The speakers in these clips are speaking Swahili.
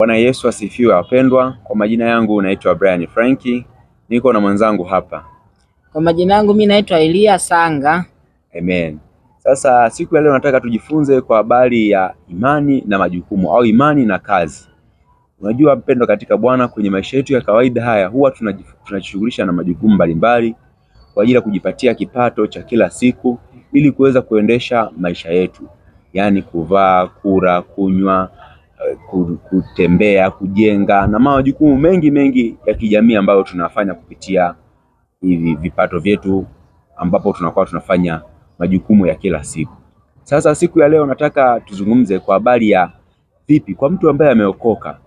Bwana Yesu asifiwe wapendwa. Kwa majina yangu naitwa Brian Franki, niko na mwenzangu hapa. Kwa majina yangu mimi naitwa Elia Sanga. Amen. Sasa siku ya leo nataka tujifunze kwa habari ya imani na majukumu au imani na kazi. Unajua mpendwa katika Bwana, kwenye maisha yetu ya kawaida haya huwa tunajishughulisha na majukumu mbalimbali kwa ajili ya kujipatia kipato cha kila siku ili kuweza kuendesha maisha yetu, yaani kuvaa, kula, kunywa Eh, kutembea, kujenga na majukumu mengi mengi ya kijamii ambayo tunafanya kupitia hivi vipato vyetu, ambapo tunakuwa tunafanya majukumu ya kila siku. Sasa siku ya leo nataka tuzungumze kwa habari ya vipi kwa mtu ambaye ameokoka,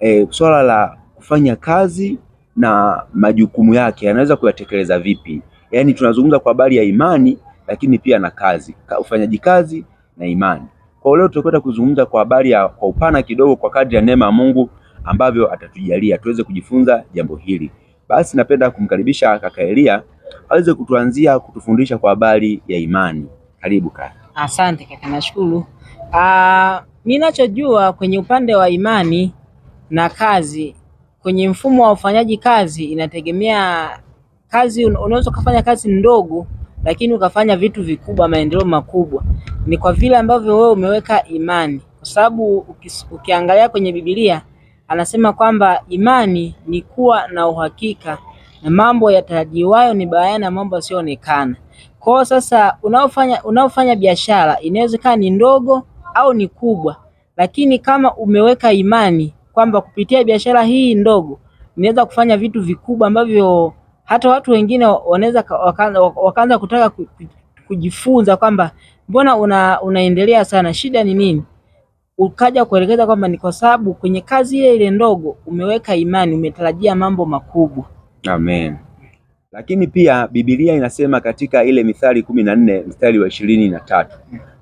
e, swala la kufanya kazi na majukumu yake anaweza kuyatekeleza vipi? Yaani tunazungumza kwa habari ya imani, lakini pia na kazi, ufanyaji kazi na imani. Kwa leo tutakwenda kuzungumza kwa habari ya kwa upana kidogo, kwa kadri ya neema ya Mungu ambavyo atatujalia tuweze kujifunza jambo hili. Basi napenda kumkaribisha kaka Elia aweze kutuanzia kutufundisha kwa habari ya imani. Karibu kaka. Asante kaka, nashukuru. Mimi ah, nachojua kwenye upande wa imani na kazi, kwenye mfumo wa ufanyaji kazi, inategemea kazi. Unaweza ukafanya kazi ndogo lakini ukafanya vitu vikubwa, maendeleo makubwa, ni kwa vile ambavyo wewe umeweka imani, kwa sababu ukiangalia kwenye Biblia anasema kwamba imani ni kuwa na uhakika na mambo yatarajiwayo, ni bayana na mambo yasiyoonekana. Kwa sasa unaofanya unaofanya biashara inawezekana ni ndogo au ni kubwa, lakini kama umeweka imani kwamba kupitia biashara hii ndogo inaweza kufanya vitu vikubwa ambavyo hata watu wengine wanaweza wakaanza kutaka kujifunza kwamba mbona una, unaendelea sana, shida ni nini? Ukaja kuelekeza kwamba ni kwa sababu kwenye kazi ile ile ndogo umeweka imani, umetarajia mambo makubwa. Amen. Lakini pia Biblia inasema katika ile Mithali kumi na nne mstari wa ishirini na tatu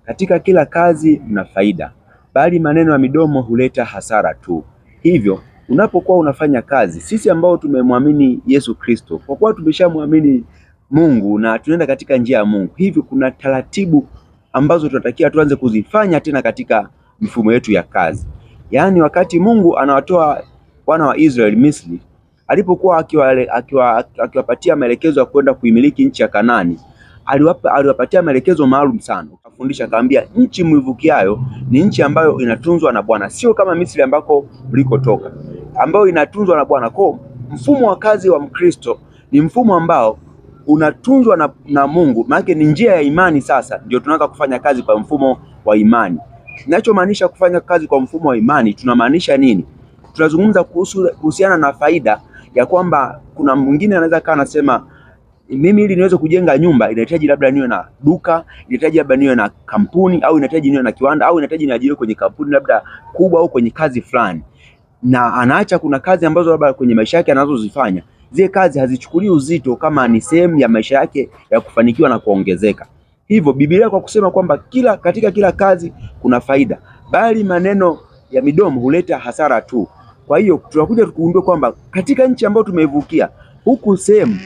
katika kila kazi mna faida, bali maneno ya midomo huleta hasara tu. Hivyo unapokuwa unafanya kazi, sisi ambao tumemwamini Yesu Kristo, kwa kuwa tumeshamwamini Mungu na tunaenda katika njia ya Mungu, hivyo kuna taratibu ambazo tunatakiwa tuanze kuzifanya tena katika mifumo yetu ya kazi. Yaani, wakati Mungu anawatoa wana wa Israeli Misri, alipokuwa akiwapatia akiwa, akiwa maelekezo ya kwenda kuimiliki nchi ya Kanaani, aliwapa, aliwapatia maelekezo maalum sana akafundisha akaambia, nchi mwivukiayo ni nchi ambayo inatunzwa na Bwana, sio kama Misri ambako mlikotoka, ambayo inatunzwa na Bwana. Kwa mfumo wa kazi wa Mkristo ni mfumo ambao unatunzwa na, na Mungu, maana ni njia ya imani. Sasa ndio tunaanza kufanya kazi kwa mfumo wa imani. Kinachomaanisha kufanya kazi kwa mfumo wa imani, tunamaanisha nini? Tunazungumza kuhusu kuhusiana na faida ya kwamba kuna mwingine anaweza kaa anasema mimi ili niweze kujenga nyumba inahitaji labda niwe na duka, inahitaji labda niwe na kampuni au inahitaji niwe na kiwanda au inahitaji niajiriwe kwenye kampuni labda kubwa au kwenye kazi fulani, na anaacha kuna kazi ambazo labda kwenye maisha yake anazozifanya zile kazi hazichukulii uzito kama ni sehemu ya maisha yake ya kufanikiwa na kuongezeka. Hivyo Biblia kwa kusema kwamba kila katika kila kazi kuna faida, bali maneno ya midomo huleta hasara tu. Kwa hiyo tunakuja tukugundue kwamba katika nchi ambayo tumeivukia huku sehemu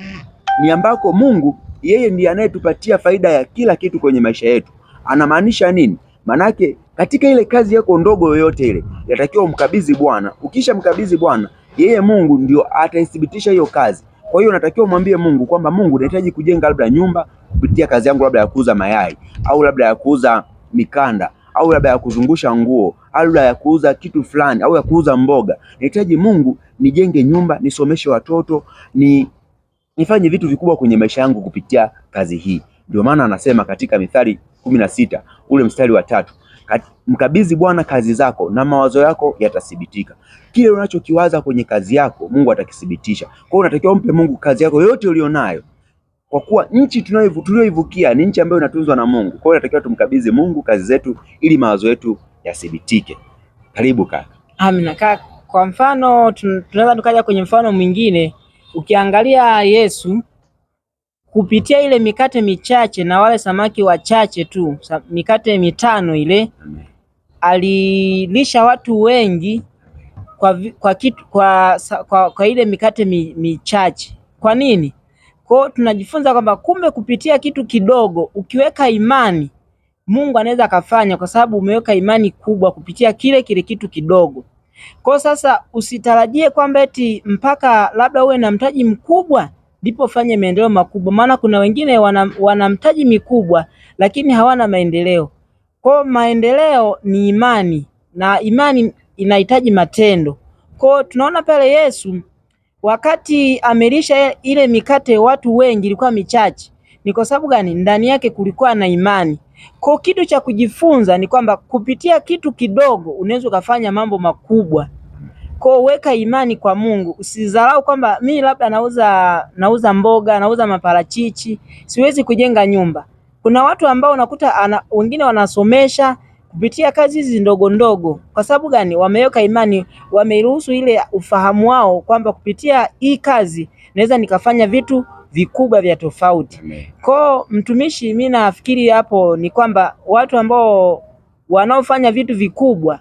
ni ambako Mungu yeye ndiye anayetupatia faida ya kila kitu kwenye maisha yetu. Anamaanisha nini? Manake katika ile kazi yako ndogo yoyote ile yatakiwa umkabidhi Bwana. Ukisha mkabidhi Bwana, yeye Mungu ndio ataithibitisha hiyo kazi. Kwa hiyo unatakiwa umwambie Mungu kwamba Mungu, nahitaji kujenga labda nyumba kupitia kazi yangu labda ya kuuza mayai au labda ya kuuza mikanda au labda ya kuzungusha nguo au labda ya kuuza kitu fulani au ya kuuza mboga. Nahitaji Mungu nijenge nyumba, nisomeshe watoto, ni nifanye vitu vikubwa kwenye maisha yangu kupitia kazi hii. Ndio maana anasema katika Mithali kumi na sita ule mstari wa tatu mkabidhi Bwana kazi zako na mawazo yako yatathibitika. Kile unachokiwaza kwenye kazi yako Mungu atakithibitisha. Kwa hiyo unatakiwa umpe Mungu kazi yako yote ulionayo, kwa kuwa nchi tunayoivukia ni nchi ambayo inatunzwa na Mungu. Kwa hiyo unatakiwa tumkabidhi Mungu kazi zetu ili mawazo yetu yathibitike. Karibu kaka. Amina kaka. Kwa mfano tunaweza tukaja kwenye mfano mwingine Ukiangalia Yesu kupitia ile mikate michache na wale samaki wachache tu, mikate mitano ile, alilisha watu wengi kwa, kwa, kitu, kwa, kwa, kwa ile mikate michache. Kwa nini? Kwa tunajifunza kwamba kumbe kupitia kitu kidogo ukiweka imani Mungu anaweza akafanya, kwa sababu umeweka imani kubwa kupitia kile kile kitu kidogo. Kwa sasa usitarajie kwamba eti mpaka labda uwe na mtaji mkubwa ndipo fanye maendeleo makubwa, maana kuna wengine wana, wana mtaji mikubwa lakini hawana maendeleo. Kwa maendeleo ni imani na imani inahitaji matendo. Kwa tunaona pale Yesu wakati amelisha ile mikate watu wengi ilikuwa michache, ni kwa sababu gani? Ndani yake kulikuwa na imani. Kwa kitu cha kujifunza ni kwamba kupitia kitu kidogo unaweza ukafanya mambo makubwa. Kwa weka imani kwa Mungu, usizarau kwamba mi labda nauza nauza mboga, nauza maparachichi, siwezi kujenga nyumba. Kuna watu ambao unakuta ana, wengine wanasomesha kupitia kazi hizi ndogo ndogo. Kwa sababu gani? Wameweka imani, wameruhusu ile ufahamu wao kwamba kupitia hii kazi naweza nikafanya vitu vikubwa vya tofauti. koo mtumishi, mi nafikiri hapo ni kwamba watu ambao wanaofanya vitu vikubwa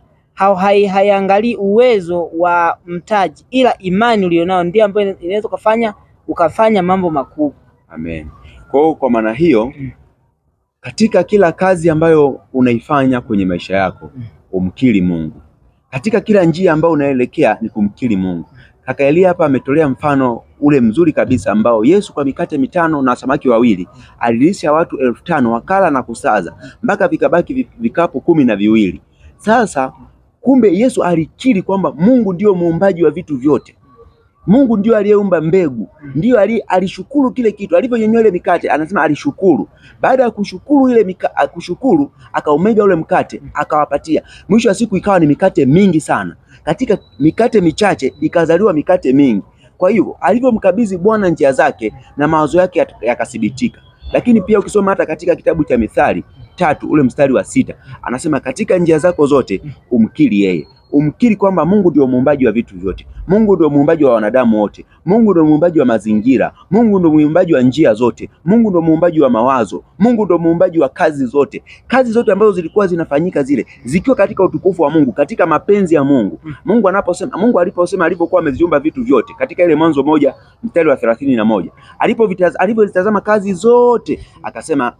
haiangalii uwezo wa mtaji, ila imani ulionao ndio ambayo inaweza kufanya ukafanya mambo makubwa. Amen. Kwa hiyo kwa maana hiyo mm. Katika kila kazi ambayo unaifanya kwenye maisha yako mm. umkiri Mungu. Katika kila njia ambayo unaelekea ni kumkiri Mungu. Kaka Elia hapa ametolea mfano ule mzuri kabisa ambao Yesu kwa mikate mitano na samaki wawili alilisha watu elfu tano wakala na kusaza mpaka vikabaki vikapu kumi na viwili. Sasa kumbe Yesu alikiri kwamba Mungu ndio muumbaji wa vitu vyote. Mungu ndio aliyeumba mbegu, ndio ali, alishukuru kile kitu alivyonyonya ile mikate, anasema alishukuru. Baada ya kushukuru ile mika, kushukuru akaumega ule mkate akawapatia. Mwisho wa siku ikawa ni mikate mingi sana, katika mikate michache ikazaliwa mikate mingi. Kwa hiyo alivyomkabidhi Bwana njia zake na mawazo yake yakathibitika. Lakini pia ukisoma hata katika kitabu cha Mithali tatu ule mstari wa sita anasema katika njia zako zote umkiri yeye umkiri kwamba Mungu ndio muumbaji wa vitu vyote, Mungu ndio muumbaji wa wanadamu wote, Mungu ndio muumbaji wa mazingira, Mungu ndio muumbaji wa njia zote, Mungu ndio muumbaji wa mawazo, Mungu ndio muumbaji wa kazi zote. Kazi zote ambazo zilikuwa zinafanyika zile zikiwa katika utukufu wa Mungu, katika mapenzi ya Mungu. Hmm. Mungu anaposema, Mungu aliposema, alipokuwa ameziumba vitu vyote katika ile Mwanzo moja mstari wa thelathini na moja alipozitazama kazi zote akasema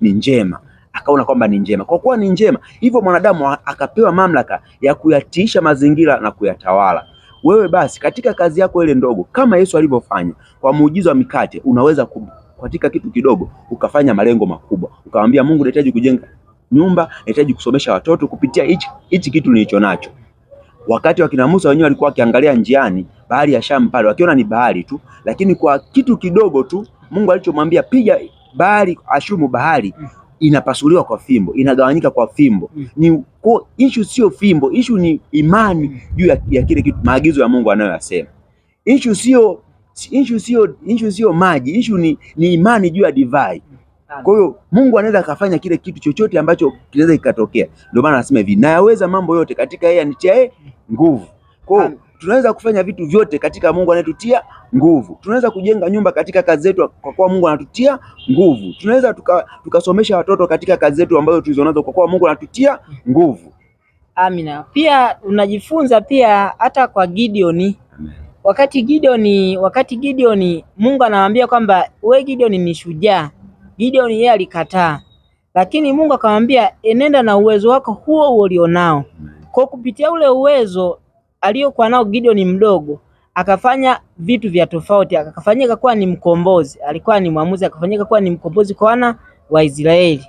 ni njema akaona kwamba ni njema. Kwa kuwa ni njema, hivyo mwanadamu akapewa mamlaka ya kuyatiisha mazingira na kuyatawala. Wewe basi katika kazi yako ile ndogo, kama Yesu alivyofanya kwa muujiza wa mikate, unaweza katika kitu kidogo ukafanya malengo makubwa, ukamwambia Mungu, nahitaji kujenga nyumba, nahitaji kusomesha watoto kupitia hichi hichi kitu nilicho nacho. Wakati wa kina Musa wenyewe walikuwa wakiangalia njiani bahari ya Shamu pale, wakiona ni bahari tu, lakini kwa kitu kidogo tu Mungu alichomwambia piga bahari, ashumu bahari, inapasuliwa kwa fimbo, inagawanyika kwa fimbo. Mm. Ni kwa issue, sio fimbo. Issue ni imani mm. juu ya, ya kile kitu, maagizo ya Mungu anayoyasema. Issue sio issue sio issue sio maji, issue ni, ni imani juu ya divai. Mm. Kwa hiyo Mungu anaweza akafanya kile kitu chochote ambacho kinaweza kikatokea. Ndio maana anasema hivi, nayaweza mambo yote katika yeye anitiaye nguvu. Kwa hiyo Tunaweza kufanya vitu vyote katika Mungu anayetutia nguvu. Tunaweza kujenga nyumba katika kazi zetu kwa kuwa Mungu anatutia nguvu. Tunaweza tukasomesha tuka watoto katika kazi zetu ambazo tulizonazo kwa kuwa Mungu anatutia nguvu. Amina. Pia unajifunza pia hata kwa Gideoni. Amen. Wakati Gideoni, wakati Gideoni Mungu anamwambia kwamba we Gideoni ni shujaa. Gideoni yeye alikataa, lakini Mungu akamwambia enenda na uwezo wako huo ulionao. Kwa kupitia ule uwezo aliyokuwa nao Gideon mdogo akafanya vitu vya tofauti, akafanyika kuwa ni mkombozi, alikuwa ni mwamuzi, akafanyika kuwa ni mkombozi kwa wana wa Israeli.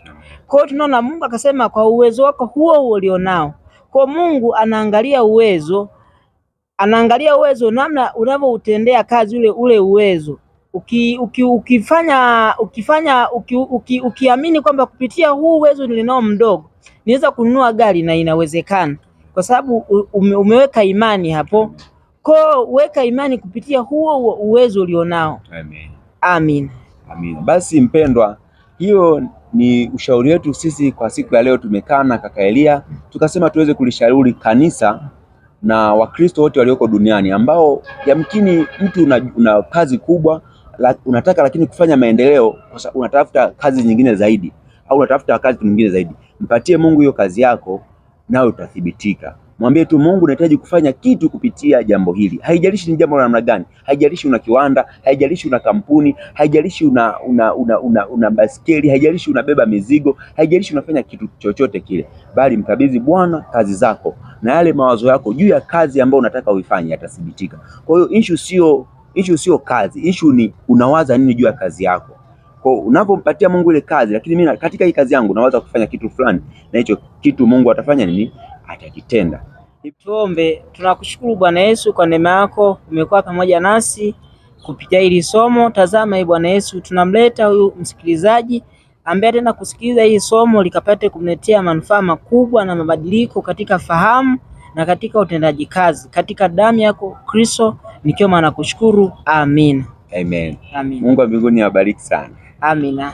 Kwa hiyo tunaona Mungu akasema kwa uwezo wako huo huo ulionao. Kwa Mungu anaangalia uwezo, anaangalia uwezo namna unavyoutendea kazi ule ule uwezo uki, uki, ukifanya ukifanya uki, uki, ukiamini kwamba kupitia huu uwezo nilinao mdogo niweza kununua gari na inawezekana kwa sababu ume, umeweka imani hapo. ko weka imani kupitia huo uwezo ulionao. Amen. Amin. Amin. Basi mpendwa, hiyo ni ushauri wetu sisi kwa siku ya leo. Tumekaa na kaka Elia tukasema tuweze kulishauri kanisa na Wakristo wote walioko duniani ambao yamkini mtu una, una kazi kubwa la, unataka lakini kufanya maendeleo, unatafuta kazi nyingine zaidi au unatafuta kazi nyingine zaidi. Mpatie Mungu hiyo kazi yako na utathibitika. Mwambie tu Mungu, nahitaji kufanya kitu kupitia jambo hili. Haijalishi ni jambo la namna gani, haijalishi una kiwanda, haijalishi una kampuni, haijalishi una una, una, una, una baskeli, haijalishi unabeba mizigo, haijalishi unafanya kitu chochote kile, bali mkabidhi Bwana kazi zako na yale mawazo yako juu ya kazi ambayo unataka uifanye, yatathibitika. Kwa hiyo issue sio issue sio kazi, issue ni unawaza nini juu ya kazi yako. Kwa unapompatia Mungu ile kazi, lakini mimi katika hii kazi yangu naweza kufanya kitu fulani, na hicho kitu Mungu atafanya nini? Atakitenda. Tuombe. Tunakushukuru Bwana Yesu kwa neema yako, umekuwa pamoja nasi kupitia hili somo. Tazama hii Bwana Yesu, tunamleta huyu msikilizaji ambaye tena kusikiliza hii somo likapate kumletea manufaa makubwa na mabadiliko katika fahamu na katika utendaji kazi, katika damu yako Kristo, nikiwa nakushukuru. Amin. Amen. Amen. Mungu wa mbinguni awabariki sana. Amina